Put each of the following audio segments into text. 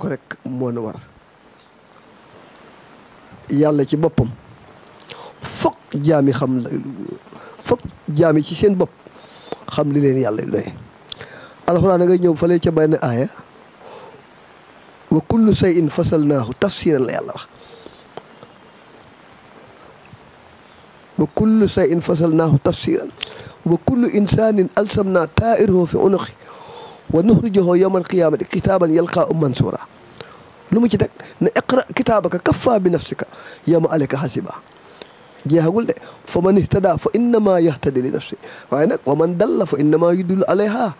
ko rek moo nu war yàlla ci boppam foog jaami xam foog jaami ci seen bopp xam li leen yàlla doy alxuraan nga ñëw fale ci benn aaya wa kullu shay'in fasalnaahu tafsiran la yàlla wax wa kullu shay'in fasalnaahu tafsiran wa kullu insanin alsamna taa'irahu fi unuqi wa nuxrijuhu yowma alqiyaamati kitaaban yalqaahu mansuura lu mu ci teg ne iqra kitaabaka kaffaa bi nafsika yawma alayka hasiba jeexagul de fa man ihtada fa innama yahtadi li nafsi waaye nag wa man dalla fa innama yudillu alayha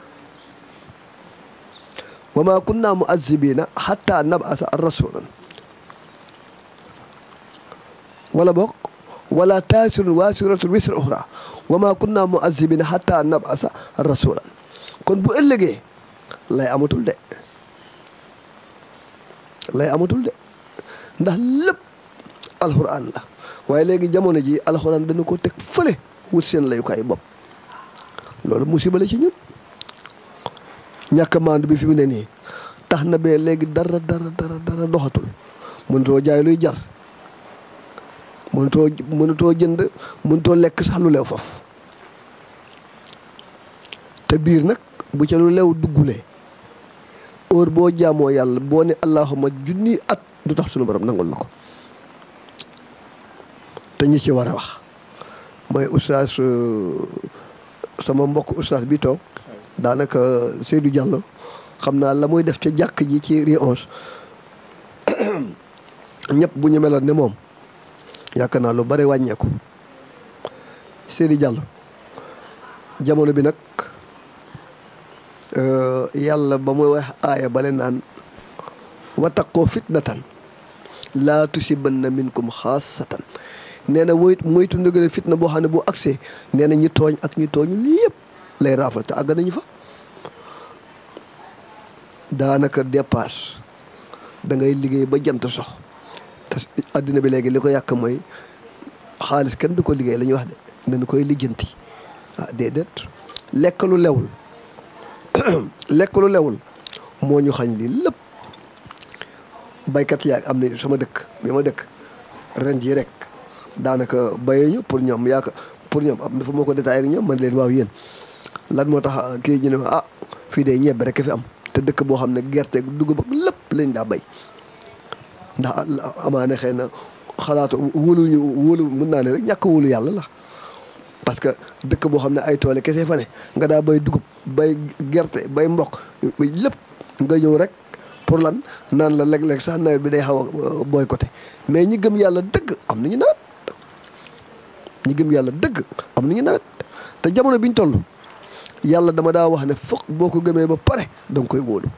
wa ma kunna muazzibiina hatta nab'asa rasulan wala boog wala taasirun waasiratun wisra uxra wa ma kunna muazzibiina hatta nab'asa rasulan kon bu ëllëgee lay amatul de lay amatul de ndax lépp alxuraan la waaye léegi jamono ji alxuraan dana koo teg fële wut seen layukaay bopp loolu musiba la ci ñun ñàkk maandu bi fi mu ne nii tax na bee léegi dara dara dara doxatul mënutoo jaay luy jar mënutoo mënutoo jënd mënutoo lekk sax lu leew faf te biir nag bu ca lu lew duggulee heure boo jaamoo yàlla boo ne allahuma junni at du tax sunu borom nangul la ko te ñi ci war a wax mooy oustaz euh, sama mbokk oustaz bi toog daanaka Seydou Diallo xam naa la muy def ca jàkk ji ci réonce ñëpp bu ñu meloon ne moom yaakaar naa lu bare wàññeeku Seydou Diallo jamono bi nag Euh, yàlla ba muy wax aaya bale naan wattaqoo fitnatan laa tusibanna minkum xaasatan nee na woyt moytu ndëgale fitna boo xam ne boo agsee nee na ñi tooñ ak ñi tooñul yëpp lay raafal te àgg fa daanaka dépasse dangay liggéey ba jant sox te adduna bi léegi li ko yàq mooy xaalis kenn du ko liggéey la wax de dañu koy lijjanti ah déedéet lekk lu lewul lekk lu lewul moo ñu xañ lii lëpp baykat yaa am na sama dëkk bi ma dëkk ren jii rek daanaka bayee ñu pour ñoom yaaka pour ñoom am dafa moo ko détaillé ak ñoom man leen waaw yéen lan moo tax ah, kii ñu ne ah fii de ñebe rek fi am te dëkk boo xam ne gerte dugub ak lépp lañ daa bay ndax ah, amaane xëy na xalaatu wóolu ñu wóolu mën naa ne rek ñàkk wóolu yàlla la parce que dëkk boo xam ne ay toole kese fa nga daa bay dugub bay gerte bay mboq lépp nga ñëw rek pour lan naan la léeg-léeg sax nawet bi day xaw a euh, boycotté mais ñi gëm yàlla dëgg am nañu nawet ñi gëm yàlla dëgg am nañu nawet te jamono biñ toll yàlla dama daa wax ne foog boo ko gëmee ba pare danga koy wóolu